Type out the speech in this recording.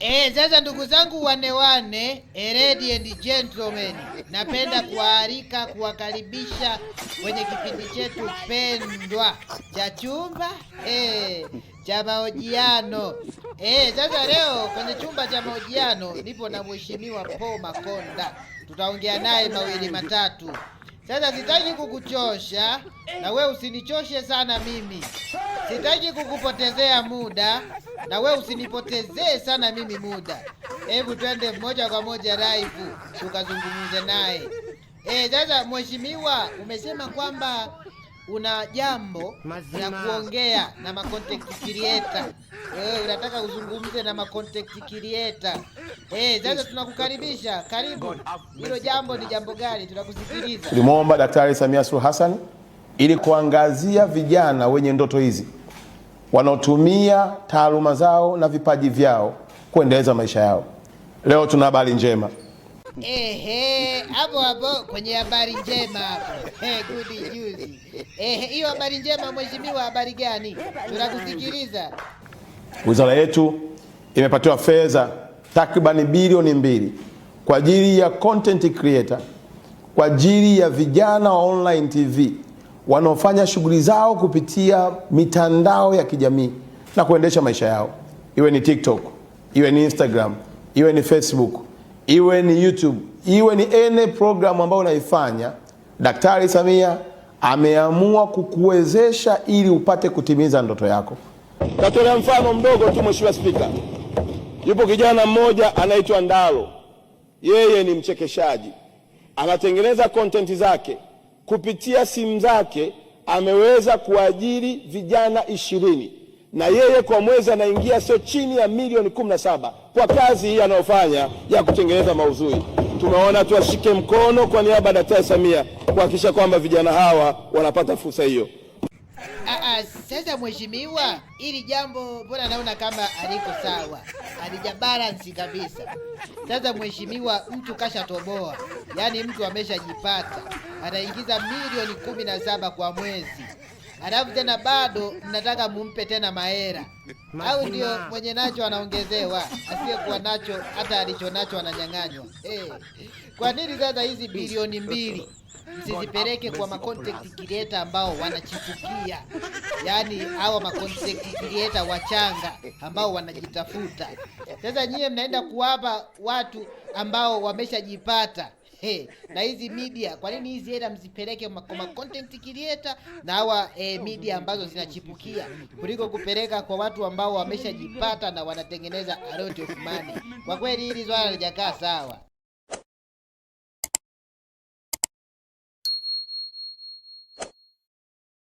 Eh, sasa ndugu zangu wane wane, ladies and gentlemen, napenda kuwaalika kuwakaribisha kwenye kipindi chetu pendwa cha chumba eh, cha mahojiano eh. Sasa leo kwenye chumba cha mahojiano nipo na mheshimiwa Paul Makonda, tutaongea naye mawili matatu. Sasa sitaki kukuchosha na we usinichoshe sana mimi, sitaki kukupotezea muda na we usinipotezee sana mimi muda. Hebu twende moja kwa moja raifu tukazungumze naye. Eh, sasa e, mheshimiwa, umesema kwamba una jambo la kuongea na ma creator. Wewe unataka uzungumze na ma creator. Eh, sasa tunakukaribisha. Karibu. Hilo jambo ni jambo gani? Tunakusikiliza. Tulimwomba Daktari Samia Suluhu Hassan ili kuangazia vijana wenye ndoto hizi wanaotumia taaluma zao na vipaji vyao kuendeleza maisha yao. Leo tuna habari njema Ehe, hapo hapo kwenye habari njema hapo. good news. Ehe, hiyo habari njema mheshimiwa, habari gani? Tunakusikiliza. Wizara yetu imepatiwa fedha takribani bilioni mbili kwa ajili ya content creator, kwa ajili ya vijana wa online TV wanaofanya shughuli zao kupitia mitandao ya kijamii na kuendesha maisha yao, iwe ni TikTok, iwe ni Instagram, iwe ni Facebook, iwe ni YouTube, iwe ni any programu ambayo unaifanya. Daktari Samia ameamua kukuwezesha ili upate kutimiza ndoto yako. Tatolea mfano mdogo tu, Mheshimiwa Spika, yupo kijana mmoja anaitwa Ndalo, yeye ni mchekeshaji, anatengeneza kontenti zake kupitia simu zake ameweza kuajiri vijana ishirini na yeye kwa mwezi anaingia sio chini ya milioni kumi na saba kwa kazi hii anayofanya ya kutengeneza mauzui. Tunaona tuwashike mkono kwa niaba ya Daktari Samia kuhakikisha kwamba vijana hawa wanapata fursa hiyo. Sasa mheshimiwa, ili jambo mbona naona kama aliko sawa, alijabalansi kabisa. Sasa mheshimiwa, mtu kashatoboa, yaani mtu ameshajipata ataingiza milioni kumi na saba kwa mwezi, alafu tena bado mnataka mumpe tena mahera au ndio mwenye nacho anaongezewa, asiyekuwa nacho hata alicho nacho ananyang'anywa. Hey, eh. kwa nini sasa hizi bilioni mbili msizipeleke kwa makontekti content ambao wanachipukia, yaani hawa makontekti content wachanga ambao wanajitafuta? Sasa nyie mnaenda kuwapa watu ambao wameshajipata hey, na hizi media, kwa nini hizi hela mzipeleke kwa content creator na hawa eh, oh, media ambazo zinachipukia kuliko kupeleka kwa watu ambao wameshajipata na wanatengeneza a lot of money. Kwa kweli hili swala halijakaa sawa.